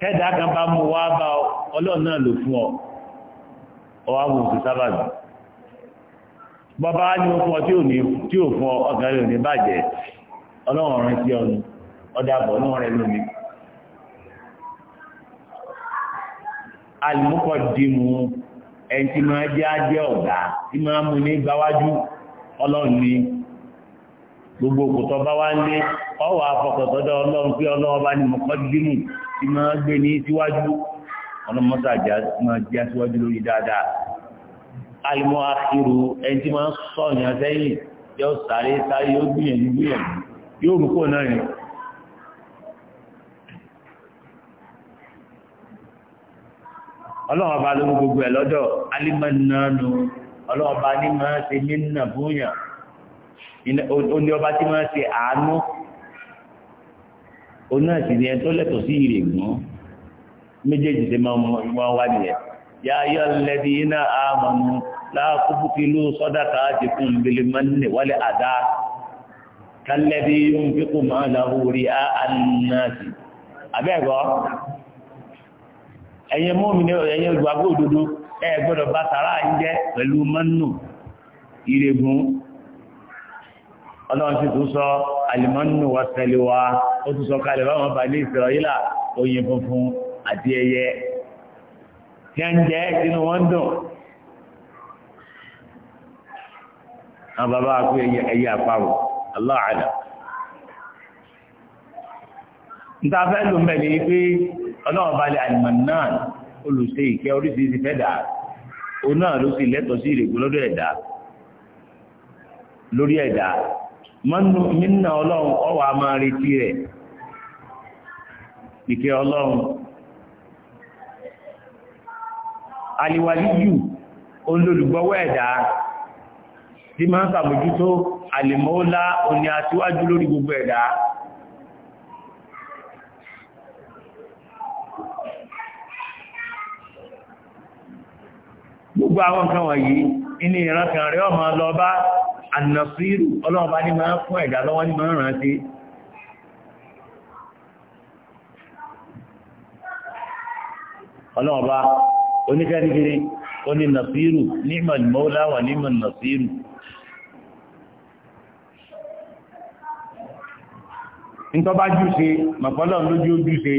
A: tẹ́dà kan bá mú wá bá ọlọ́run náà lò fún ọ ọwá mú sí sábàbí bọ́bá ní ó fún ọ tí ò fún ọ ọ̀gá rẹ̀ ní bàjẹ́ ọlọ́run rẹ̀ sí ọ̀nù ọ̀dàbọ̀ ọlọ́run rẹ̀ lómi alimọ́kọ̀dín mu ẹni tí máa jẹ́ ajẹ́ ọ̀gá tí máa mú ní gbáwájú ọlọ́run ní gbogbo òkùtọ̀ bá wá ń lé ọwọ́ afọkọ̀tọ́dọ̀ ọlọ́run pé ọlọ́run bá ní mọ̀kọ́dínmù tí máa gbé ní síwájú ọlọ́mọ́sàjà máa jẹ́ síwájú lórí dáadáa alìmọ́ akérò ẹni tí máa ń sọ̀yàn sẹ́yìn yóò sáré sáré yóò gbìyànjú gbìyànjú yóò rúkọ̀ náà rìn ọlọ́run bá lórí gbogbo ẹ̀ lọ́dọ̀ alìmọ́ náà ọlọ́run bá ní máa ṣe ní nà oní ọba tí máa ṣe àánú oní àti ní ẹni tó lẹ́tọ̀ọ́ sí ìrè gùn méjèèjì ṣe máa mọ ìwọ̀n wá nìyẹn yá ayọ́ lẹ́dí iná àmọ́nù láàkúbùkìlú sọ́dáka ti fún bilimani wálé àdá kálẹ́dí yóò fi kó máa láwù rí àánàtì àbẹ́ẹ̀kọ́ ẹ̀yin mọ́mí ẹ̀yin ìgbàgbọ́ òdodo ẹ gbọ́dọ̀ bá sàrà ń jẹ́ pẹ̀lú mọ́nù ìrègùn ọlọ́run sì tún sọ alìmọ́nù wa tẹ́lẹ̀ wa ó tún sọ kalẹ̀ báwọn bá ní ìsìrọ̀yílà oyin funfun àti ẹyẹ tí a ń jẹ́ inú wọn dùn àwọn bàbá akú ẹyẹ àparò aláàdà níta fẹ́ ló ń bẹ̀ pé ọlọ́run bá lè alìmọ́nù náà olùṣe ìkẹ́ oríṣiríṣi fẹ́ dà òun náà ló sì lẹ́tọ̀ọ́ sí ìrègùn lọ́dọ̀ ẹ̀dá lórí ẹ̀dá mọ́nú mínà ọlọ́run ọwà máa retí rẹ̀ Ìkẹ ọlọ́run aliwalíyù olólùgbọ́wọ́ ẹ̀dá tí máa ń sàmójútó alìmọ́ọ́lá oní aṣíwájú lórí gbogbo ẹ̀dá gbogbo àwọn nǹkan wọ̀nyí inú ìran kan rẹ̀ ọmọ lọ bá ànàfírù ọlọ́run bá ní máa ń fún ẹ̀dá lọ́wọ́ ní máa ń rántí ọlọ́run bá oníkẹ́ríkiri ó ní nàfírù nímọ̀ mọ́lá wà nímọ̀ nàfírù ntọ́ba júṣe mọ̀fọ́lọ́ lójú ojúṣe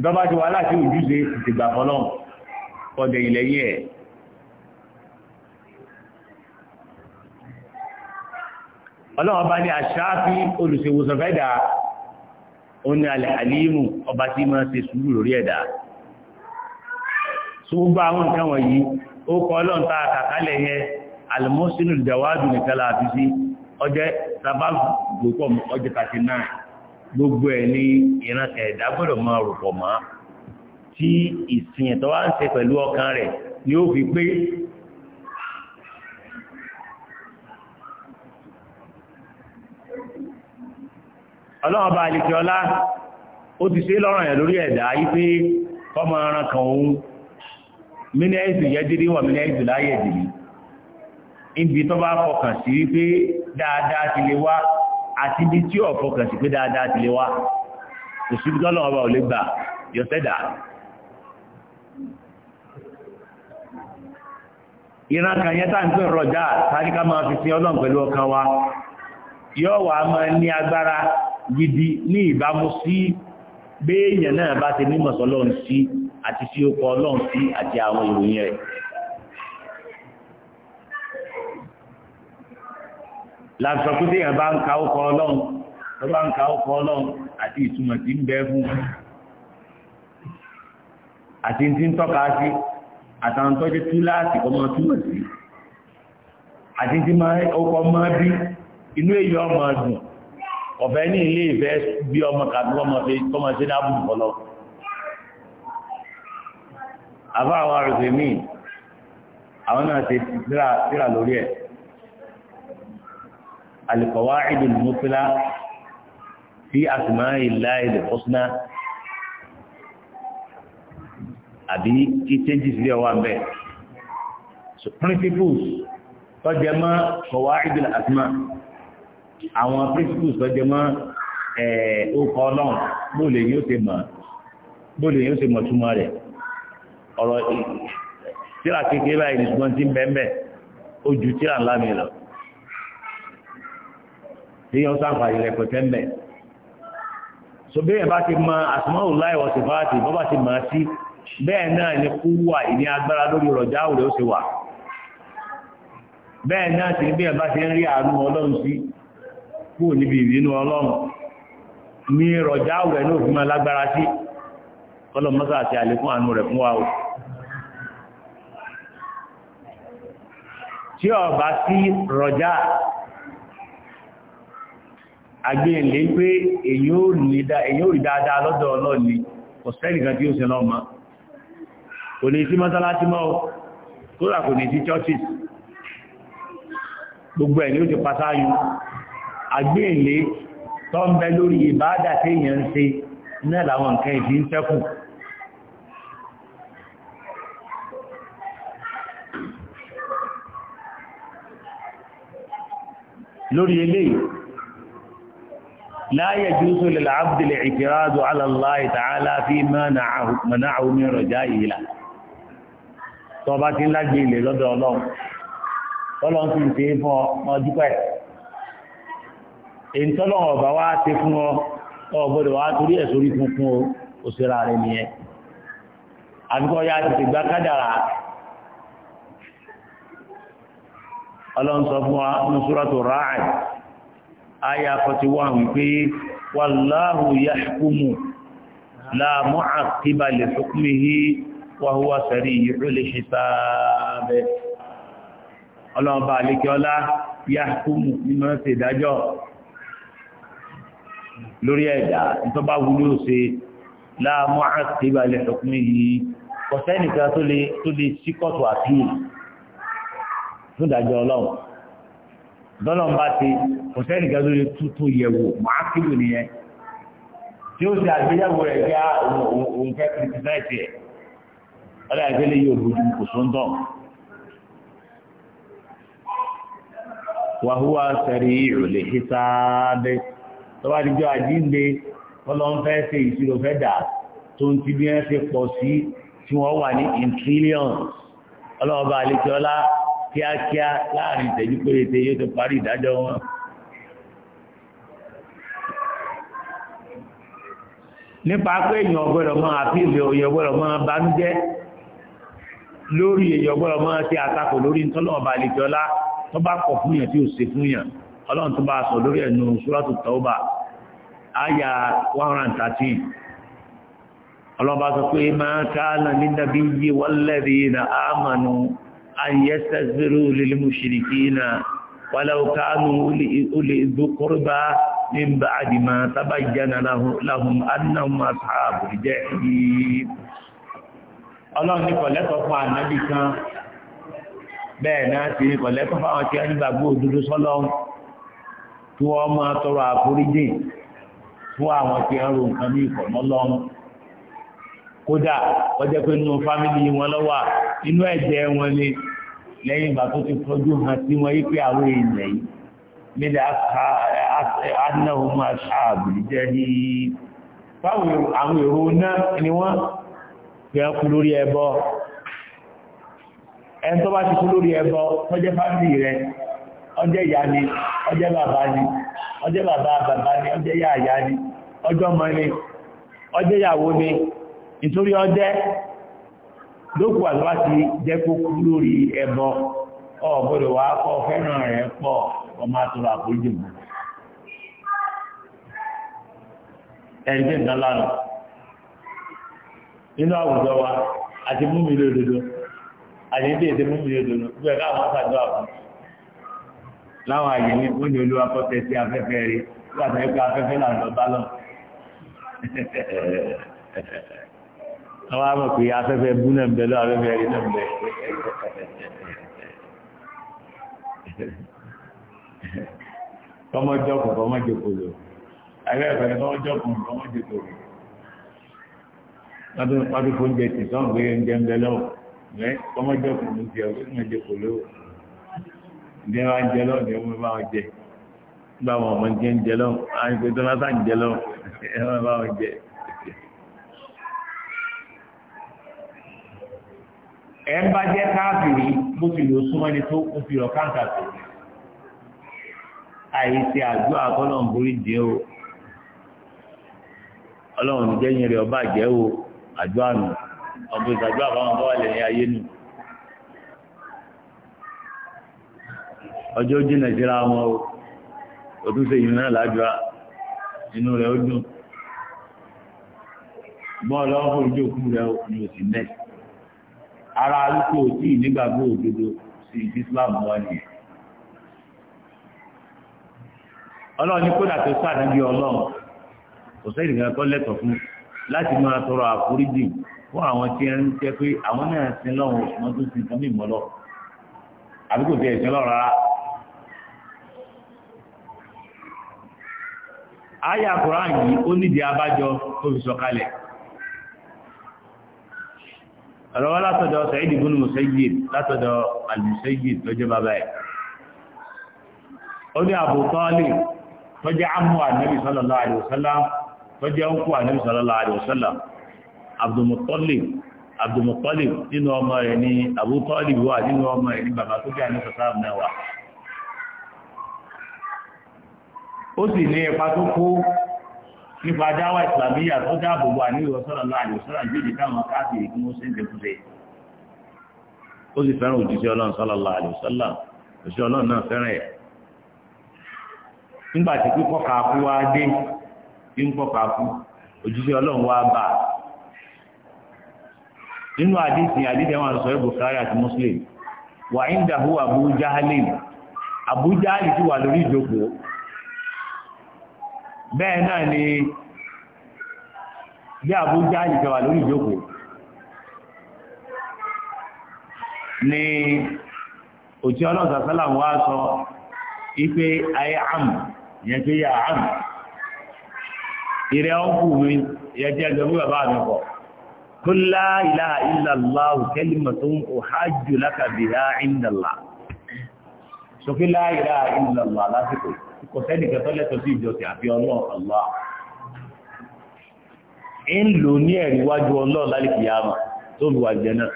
A: ntọ́ba ti wà láti ojúṣe ìtìgbà fọlọ́ kọ́dẹ̀ ilẹ̀ yìí ẹ̀. ọlọ́wọ́ bá ní àṣááfí olùṣèwòsàn fẹ́dà oní alẹ́ àlímù ọba tí máa ṣe sùúrù lórí ẹ̀dá tó gbogbo àwọn nǹkan wọ̀nyí ó kọ́ ọlọ́run tá a kàkálẹ̀ yẹn alimọ́sínú ìdáwádùn nìkan láti sí ọjẹ́ sábà gbòpọ̀ ọjẹ́ tàbí náà gbogbo ẹ̀ ọlọ́run bá àlejò ọlá ó ti ṣe lọ́rọ̀ yẹn lórí ẹ̀dá yí pé kọ́mọ ẹran kan òun mínísì yẹ́dìrí wọ̀ mínísì láyé ìdìrí ibi tó bá fọkàn sí wípé dáadáa ti lè wá àti ibi tí ò fọkàn sí pé dáadáa ti lè wá kò síbi tó ò lè gbà yọ sẹ́dà ìran kan yẹn wa yóò ní agbára gidi ní ìbámu sí béèyàn náà bá ti nímọ̀ sọ́lọ́run sí àti sí okọ̀ ọlọ́run sí àti àwọn ìròyìn rẹ̀ lásìkò tí èèyàn bá ń ka okọ̀ ọlọ́run tó bá ń ka okọ̀ ọlọ́run àti ìtumọ̀ tí ń bẹ fún àti tí ń tọ́ka sí àtàwọn tọ́jú tú láti ọmọ túmọ̀ sí àti tí ó kọ́ mọ́ bí inú èèyàn ọmọ dùn ọ̀fẹ́ ní ilé ìfẹ́ bí ọmọ kàbí ọmọ fi tọ́mọ sí dábùn fọlọ́ àbá àwọn arùfẹ́ míì àwọn náà ti tíra lórí ẹ̀ alìkọ̀wá ìdùn mọ́tílá fi àtìmá ìlà ilẹ̀ fọ́súná àbí kí changes lè wà mẹ́ so principles tọ́jẹ́ mọ́ kọ̀wá ìdùn àtìmá àwọn principles tó jẹ mọ́ ọkọ ọlọ́run bóòlù èyí ó ṣe mọ̀ bóòlù èyí ó ṣe mọ̀ túmọ̀ rẹ̀ ọ̀rọ̀ tíra kékeré báyìí ní ṣùgbọ́n tí ń bẹ́ẹ̀ bẹ́ẹ̀ ó ju tíra ńlá mi lọ èèyàn sáǹfààní rẹpẹtẹ ń bẹ sọbẹyìn bá ti mọ àtúmọ̀wò láì wọ́n ti bá ti bọ́ bá ti mọ̀ sí bẹ́ẹ̀ náà ni kú wà ìní agbára lórí rọ̀jà òde ó ṣe wà bẹ́ẹ̀ náà sì ní bẹ́ẹ̀ bá ti ń rí àánú ọlọ́run sí kúrò níbi ìbínú ọlọ́run ní rọ̀já àwẹ̀ ní òfin máa lágbára sí kọlọ̀mọ́sá àti àlékún àánú rẹ̀ fún wa o tí Ọba bá sí rọ̀já agbẹ́ẹ̀lé e pé èyí ò rí dáadáa lọ́dọ̀ ọlọ́ni kò sẹ́rì kan tí ó ṣe lọ́mọ kò ní sí mọ́sálásí mọ́ kódà kò ní sí churches gbogbo ẹ̀ ni ó ti pasáyún àgbéèlé tó ń bẹ lórí ìbáadà tí èèyàn ń ṣe náà làwọn nǹkan ìdí ń sẹ́kù lórí eléyìí لا يجوز للعبد الاعتراض على الله تعالى فيما منعه منعه من رجائه له tó bá ti ń lágbé ilé lọ́dọ̀ ọlọ́run ọlọ́run ti ń ṣe fún ọmọ dúpẹ́ èyí tọ́lọ́wọ́ ọba wá ti fún ọ ọgbọ́dọ̀ wá torí ẹ̀ sórí funfun o òṣèrà rẹ̀ nìyẹn àbíkọ́ ya tètè gba kádàrà ọlọ́run sọ fún wa ní súrọ́tò ráàì àyà 41 wípé wàláhù yahkumu la mu'aqqiba li hukmihi wa huwa sari'ul hisab ọlọ́run bá àlékẹ́ ọlá yahkumu nínú ẹ̀sẹ̀ ìdájọ́ lórí ẹ̀dá nítorí bá wúlò ṣe láàmú àtìbà ilẹ̀ ọkùnrin yìí kọ̀sẹ́ nìkan tó lè tó lè sí kọ́tù àpíyè fún ìdájọ́ ọlọ́run lọ́lọ́run bá ti kọ̀sẹ́ nìkan tó lè tuntun yẹ̀wò màá kílò nìyẹn tí ó ṣe àgbéyàwó rẹ̀ bí ah, òun fẹ́ ẹ̀ ọlọ́run àgbélé yóò bójú kò sóńtọ̀ wàhúwà sẹ́rí ìrọ̀lẹ́ tọ́wá díjọ́ àdínde ọlọ́run fẹ́ ṣe ìṣirò fẹ́ dà tó ń ti bí wọ́n ṣe pọ̀ sí tí wọ́n wà ní in trillions ọlọ́ọ̀bá àlejòọ́lá kíákíá láàrin ìtẹ́jú péréte yóò ti parí ìdájọ́ wọn. nípa pé èèyàn ọgbọ́dọ̀ máa àfíìlì òye ọgbọ́dọ̀ máa bánújẹ́ lórí èèyàn ọgbọ́dọ̀ máa ṣe àtakò lórí ntọ́lọ́ọ̀bá àlejòọ́lá tó bá kọ̀ fún tí ò ṣe fún ọlọ́run tó bá sọ lórí ẹ̀nu ṣúrọ́tù tọ́ọ̀bà áyà 113 ọlọ́ba sọ pé máa káàlà ní dábí yí wọ́lẹ́rí na ámànù ayẹ́sẹ̀sẹ̀rú lílímù ṣìrìkì na wàláukánù olè ìdókòrúbá ní bá àdìmá tábàjánà láhùn annahum ashabu jahim ọlọ́run ní kọ̀lẹ́kọ̀ bẹ́ẹ̀ náà ti ní kọ̀lẹ́kọ̀ fáwọn tí a nígbàgbọ́ òdodo sọ́lọ́run kí wọ́n máa tọrọ àforíjì fún àwọn tí ń ro nǹkan ní ìkọ̀mọ́ lọ́rùn kódà ọjọ́ pé nínú fámìlì wọn lọ́wọ́ inú ẹ̀jẹ̀ wọn ni lẹ́yìn ìgbà tó ti fojú hàn sí wọn yí pé àwọn èèyàn yìí nílẹ̀ anáwó máa ṣáàbù jẹ́ ní fáwọn àwọn èrò náà ni wọ́n fi ń kú lórí ẹbọ ẹni tó bá ti kú lórí ẹbọ tó fámìlì rẹ̀ ọjọ́ ìyá ni ọjẹ́ bàbá ni ọjọ́ bàbá bàbá ni ọjọ́ ìyá ìyá ni ọjọ́ ọmọ ni ọjẹ́ ìyàwó ni nítorí ọjẹ́ lókù àlọ́wà ti jẹ́
B: kó kú lórí ẹbọ
A: ọ̀gbọ́dọ̀ wá kọ́ fẹ́ràn rẹ̀ pọ̀ ọmọ àti múmi àti ní láwọn àyè ní ó ní olúwa kọ́tẹ̀ sí afẹ́fẹ́ rí láti ẹgbẹ́ afẹ́fẹ́ náà lọ bá lọ. àwọn àmọ̀ pé afẹ́fẹ́ bú náà ń bẹ lọ afẹ́fẹ́ rí náà ń bẹ. kọ́mọ́jọ́kùn kọ́mọ́jọ́kùn lò ẹgbẹ́ kọ́mọ́jọ́kùn kọ́mọ́jọ́kùn lò lọ́dún pàdúkù oúnjẹ tìsán gbé oúnjẹ ń bẹ lọ́wọ́ kọ́mọ́jọ́kùn oúnjẹ oúnjẹ kò lówó. bí wọ́n á jẹ lọ́wọ́ ni wọ́n bá wọn jẹ nígbà wọn ọmọ jẹ ń jẹ lọ́wọ́ tó lásà ń jẹ lọ́wọ́ bá wọn jẹ. ẹ ń bá jẹ káàkiri bó tó fi káńtà tó àjọ borí o ọlọ́run jẹ́yìn rẹ̀ ọba jẹ́ ọjọ́ jìnà síra wọn o òtúnṣe yìí náà lájúra inú rẹ̀ ó dùn bọ́ọ̀lù ọ̀fọ̀ ìjókù rẹ̀ ni ò mẹ́ ara alúkò tí nígbàgbọ́ òdodo sí Islam wọn ni ọlọ́ọ̀ni kódà tó sáà bí ọlọ́run kò sẹ́yìn kan kọ́ lẹ́tọ̀ọ́ fún láti máa tọrọ àforíjì fún àwọn tí ń jẹ́ pé àwọn náà sin lọ́wọ́ oṣù mọ́tò sí nǹkan mìíràn lọ àbí kò tiẹ̀ lọ́rọ̀ rárá àyà Quran yìí ó nídi abájọ tó fi sọ kalẹ̀ ọ̀rọ̀wọ́ látọ̀dọ̀ Sa'id ibn Musayyib látọ̀dọ̀ al-Musayyib lọ́jọ́ bàbá ẹ̀ ó ní Abu Talib tó jẹ́ amú ànábì sallallahu alaihi wasallam tó jẹ́ ń kú ànábì sallallahu alaihi wasallam Abdul Muttalib Abdul Muttalib nínú ọmọ rẹ̀ ní Abu Talib wà nínú ọmọ rẹ̀ ní ó sì ní ipa tó kó nípa dáwà ìsìlámíyà tó dáàbò bò àníwò sọ́lọ́lá àyòsọ́lá ìjọ́jì táwọn káàkiri kí wọ́n ṣe ń tẹ̀kúṣe ó sì fẹ́ràn òjíṣẹ́ ọlọ́run sọ́lọ́lá àyòsọ́lá òjíṣẹ́ ọlọ́run náà fẹ́ràn ẹ̀ nígbà tí kíkọ́ kàákú wá dé tí ń kọ́ ọlọ́run wá bà nínú àdìsí àdìsí àwọn àṣọ Muslim wà ń Abu Jahlin bẹ́ẹ̀ náà ni bí àbújá ìjọba lórí ìjókòó ni òtí ọlọ́sà sálà wá sọ ipe ayé àm yẹn tó yà àm ìrẹ́ ọkù mi yẹn tí ẹgbẹ́ mú bàbá mi kọ̀ kul la ilaha illallah kalimatun uhajju laka biha inda Allah sọ kul lásìkò kò sẹ́ni kẹtọ́ lẹ́tọ̀ sí ìjọsìn àbí ọlọ́ọ̀ Allah ń lò ní ẹ̀rí wájú ọlọ́ọ̀ lálẹ́kì yàmà tó lù wàjẹ náà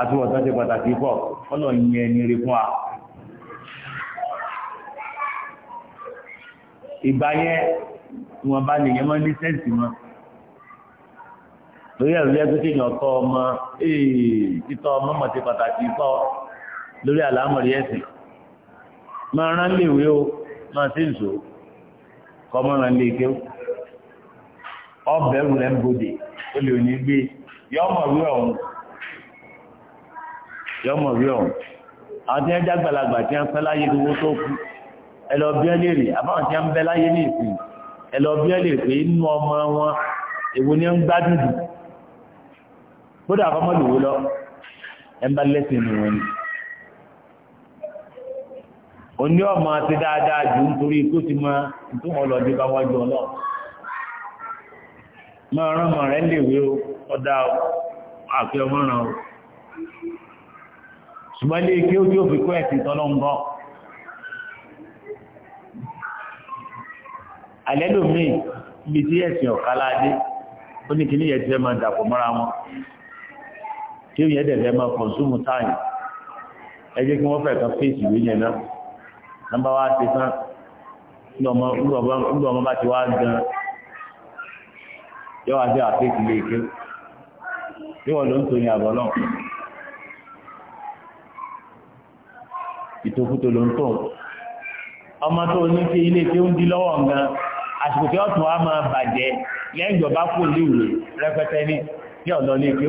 A: àtúwọ̀tán ṣe pàtàkì pọ̀ ọlọ́ọ̀ yẹn ẹni rí fún wa ìgbà yẹn wọn bá lè yẹn ní sẹ́ǹsì mọ́ lórí ẹ̀rù yẹ pé kéèyàn tọ́ ọmọ eh, títọ́ ọmọ mọ̀ sí pàtàkì pọ̀ lórí àlámọ̀rí ẹ̀sìn máa rán léwé o máa sí nìṣó kọ́ máa rán lé kéw ọbẹ̀rù rẹ̀ ń bodè ó lè ní gbé yọmọ̀ rí ọ̀hún yọmọ̀ rí ọ̀hún àwọn tí wọ́n já gbàlagbà tí wọ́n fẹ́ láyé gbogbo tó kú ẹ lọ bí ẹ lè àbáwọn tí wọ́n bẹ láyé ní ìsìn ẹ lọ bí ẹ lè pé inú ọmọ wọn èwo ni ń gbádùn dùn bódà àkọ́mọ́ lọ ẹmbà lẹ́sìn ni wọ́n ni oní ọmọ ti dáadáa jù nítorí kó ti máa tó wọn bá wájú ọlọ́ máa rán rẹ léwé o ọ̀dà àfi ọmọ o ike ẹ̀sìn tọ́lọ́ ń ibi tí ẹ̀sìn ọ̀kálá dé ó ní kíní yẹn máa dàpọ̀ tí ó yẹ dẹ̀fẹ́ máa consume time ẹ jẹ́ kí wọ́n fẹ̀ kan fèsì ìwé yẹn náà nọ́mbà wá ti tán nígbà ọmọ bá ti wá gan
B: yọ́ wá sí àfẹ́sì ilé ike tí wọ́n ló ń tó
A: ní àbọ̀ náà ìtòkútò ló ń tó ọmọ tó ní ṣe ilé tí ó ń di lọ́wọ́ nǹkan àsìkò tí ọ̀tún wa máa bàjẹ́ lẹ́yìn ìjọba kò ní ìwé rẹpẹtẹ ní ọ̀dọ́ ní ike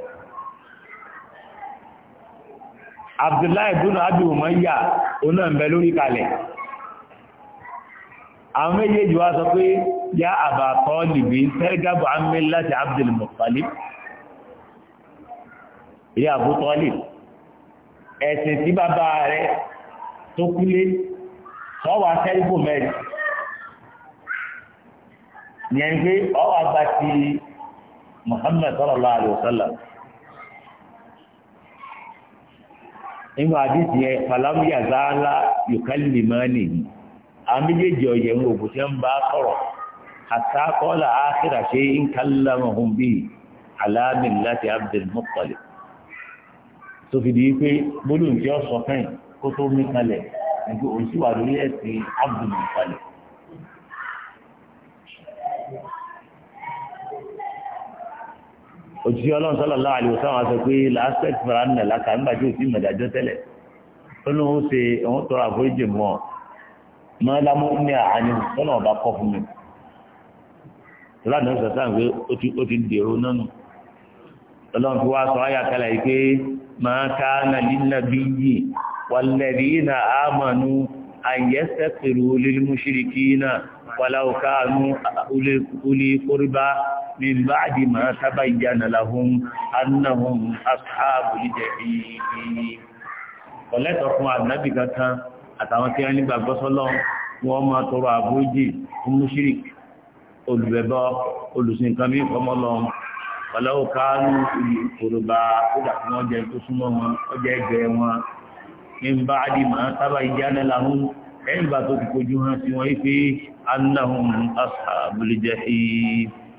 A: abdullahi ibn abi umayya ọ̀nà ń bẹ lórí kalẹ̀ àwọn méjèèjì wá sọ pé yá àbà tọ́lìbí tẹ́gábà ámì láti abdul muttalib yá àbú tọ́lìb ẹ̀sìn tí bàbá rẹ̀ tó kúlé sọ́wọ́ atẹ́ríkò mẹ́rin yẹn pé ọwọ́ àgbà ti muhammad sallallahu alaihi wasallam nínú àdìsí yẹn fàlámúyà záálá yòókàlì máa nì yìí àwọn méjèèjì ọ̀yẹ̀ ń òkú tí ń bá sọ̀rọ̀ àtàkọ́lá ákìrà ṣe ń kálá mahùn bíi aláàmì láti Abdul Muttalib tó fi di pé gbólóhùn tí ó sọ fẹ́yìn kó tó mí kalẹ̀ nígbà òun sì wà lórí ẹ̀sìn Abdul òtítí ọlọ́run sallallahu alaihi wasallam sọ pé lásẹ̀t faranà làkà nígbà tí òsì mọ̀dájọ́ tẹ́lẹ̀ ó ní ó ṣe òun tọrọ àforíjì mọ́ ọ mọ́ lámú ní àánú tọ́nà ọba kọ́ fún mi lánàá sọ sáà pé ó ti dèrò nánu ọlọ́run fi wá sọ ayàkálà yìí pé ma kana linnabiyyi walladhina amanu an yastaghfiru lil mushrikina walau kanu uli qurba من بعد ما تبين لهم أنهم أصحاب
B: الجحيم
A: ọ̀lẹ́tọ̀ fún ànábì kankan àtàwọn tí wọ́n nígbàgbọ́ sọ́lọ́ wọ́n máa tọrọ àbójì fún mùsírì olùbẹ̀bọ olùsìnkan mí fọmọ lọ ọ̀lẹ́wọ̀ káánú ìkòròbà kódà fún ọjà tó súnmọ́ wọn ọjà ti kojú hàn sí wọn yìí pé annahum jahim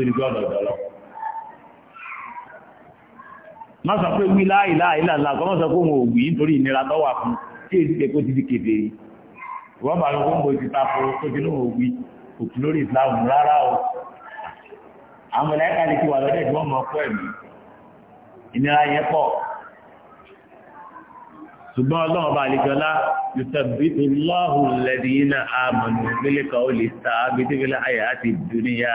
A: sórí bí ọ̀dọ̀ ọ̀dọ̀ lọ. má sọ pé wí láì láì làlá kọ́ má sọ pé òun ò wí nítorí ìnira tó wà fún tí èyí ṣe kó ti di kèdè ìwọ́n bá lọ kóńgò ti ta fún tó ti lóun ò wí ṣùgbọ́n ọlọ́run bá àlejọ́lá yùtàbítò lọ́hùn lẹ́dìí náà àmọ̀nù mílíkà ó lè ta abídíbílẹ̀ àyà àti dúníyà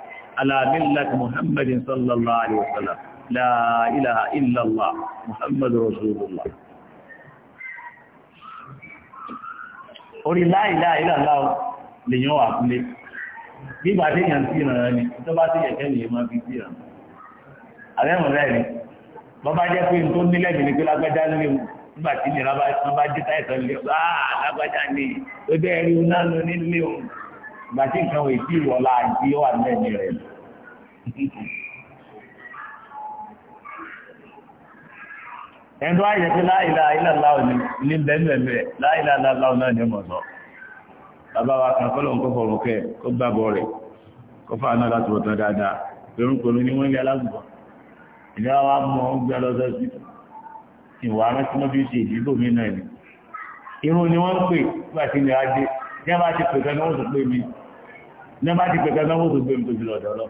A: على ملة محمد صلى الله عليه وسلم لا إله إلا الله محمد رسول الله orí láìláìláà lèyàn wà fúnlé bíbà tí yàn sí ìrànràn ni tó bá tí yẹ̀kẹ́ lè máa fi sí ìrànràn àwẹ́mọ̀ rẹ̀ rí bọ́ bá jẹ́ pé tó nílẹ̀ mi ní pé lágbájá lé mu nígbà tí nìra bá jẹ́ ni ó bẹ́ẹ̀ ẹ̀ndọ́ ayẹ̀ tí láìlà ìlàláwọ̀ ní lẹ́lẹ̀lẹ̀ láìlà ìlàláwọ̀ náà ní mọ̀sọ̀ bàbá wa kan kọ́lọ̀ kó fọ̀rọ̀ kẹ́ kó gbàgbọ́ rẹ̀ kó fà náà láti wọ̀tán dáadáa pẹ̀rúnkọ̀lú ni wọ́n ní alágbùgbọ̀ ìlera wa mọ̀ ń gbẹ́ lọ́sọ̀ sí ìwà rántí mọ́ bí ṣe ìdíbò mí náà ni irun ni wọ́n ń pè nígbà tí ilẹ̀ ajé ní a bá ti pè kan náà wọ́n tó gbé mi ní a bá ti pè kan náà wọ́n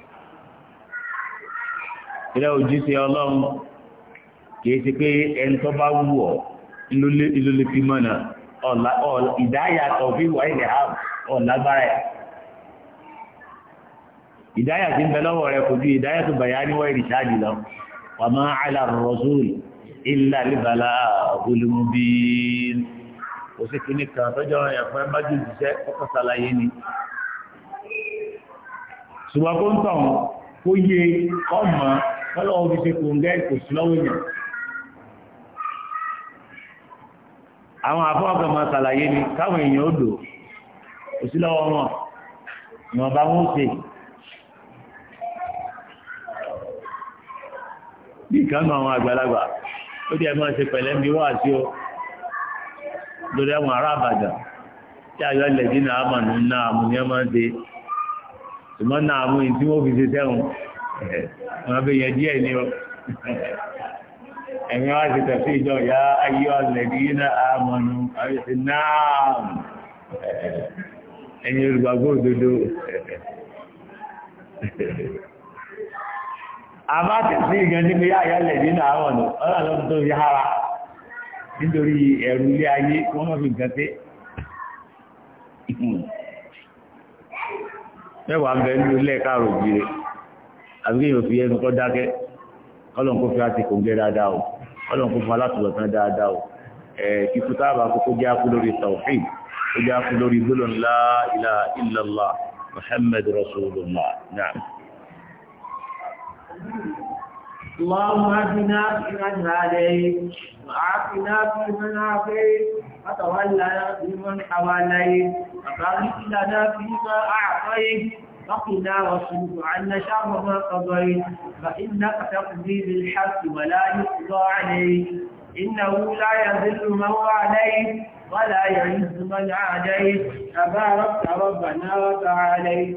A: ìrẹ́ òjíṣẹ́ ọlọ́run kìí ṣe pé ẹni tó bá wù ọ́ ló lè fi mọ̀nà ìdáyà tọ̀fí wà ilẹ̀ ọ̀lágbára ẹ̀ ìdáyà tí ń bẹ lọ́wọ́ rẹ̀ kò ju ìdáyà tó bàyá níwọ̀ ìrìṣàdì lọ wà máa àlà rọ̀sùl ilà líbalà olùmọ̀bí kò sí kíní kan tọ́jọ́ ẹ̀fọ́ bá jù jíṣẹ́ kọ́kọ́ ṣàlàyé ni ṣùgbọ́n kó ń tàn kó yé ọmọ kọ́lọ̀ òbí ṣe kò ń gẹ́ kò sí lọ́wọ́ èèyàn àwọn afọ́ọ̀kan máa ṣàlàyé ni káwọn èèyàn ó dò kò sí lọ́wọ́ wọn ìwọ̀nba wọn ṣe bí kan náà àwọn àgbàlagbà ó dẹ̀ máa ṣe pẹ̀lẹ́ bí wọ́n àti ó lórí àwọn ará àbàdàn tí àyọ̀ ilẹ̀ dínà àmọ̀ nínú àmúyẹ́ máa ń ṣe ṣùgbọ́n náà àmúyẹ́ tí wọ́n fi ṣe sẹ́wọ̀n wọ́n fi wá tẹ̀sí ìjọ ya ayé ọ̀lẹ̀dí iná àmọ́nu àríṣẹ́ náà ẹ̀yìn olùgbàgbọ́ òdodo àbá tẹ̀sí ìgbẹ́ níbi ayé ọ̀lẹ̀dí iná àmọ́nu ọlọ́run tó fi nítorí ẹ̀rù ilé ayé wọ́n mọ́ fi àbí kéèyàn fi ẹnu kọ́ dákẹ́ ọlọ́run kó fi láti kò ń gẹ́ dáadáa o ọlọ́run kó fún alátùlọ̀tán dáadáa o kíkú táàbà kókó jẹ́ akú lórí tawhid ó jẹ́ akú lórí gbólóhùn la ilaha illallah لنا فيما اعطيت فقنا واصرف عنا شر ما قضيت فإنك تقضي بالحق ولا يقضى عليك إنه لا يذل من عليك ولا يعز من عليك تبارك ربنا وتعاليت